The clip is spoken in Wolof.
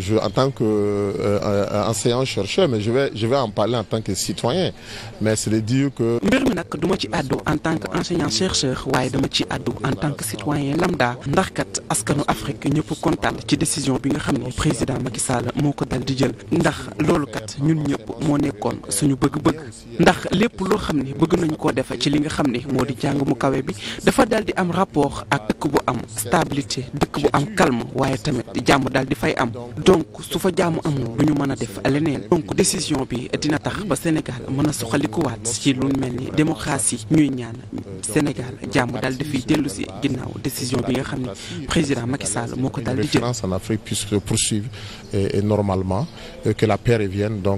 je, en tant qu'enseignant euh, euh, euh, chercheur, mais je vais, je vais en parler en tant que citoyen. Mais c'est de dire que. mbir mi nag du ci àddu en tant que enseignant chercheur waaye dama ci àddu en tant que citoyen lambda ndax askanu Afrique ñëpp kontaan ci décision bi nga xam ne président Macky Sall moo ko dal di jël ndax loolu kat ñun ñëpp moo nekkoon suñu bëgg-bëgg ndax lépp loo xam ni bëgg nañ koo def ci li nga xam ni moo di jàng mu kawe bi dafa dal di am rapport ak donc su fa jaamu amul du ñu mën a def leneen donc décision bi dina tax ba Sénégal mën a soxalikuwaat ci lu mel ni démocratie ñuy ñaan Sénégal jàmm daal dafay dellu si ginnaaw décision bi nga xam ne président Macky moo ko daal di jël. en poursuivre et, normalement euh, que la paix revienne donc.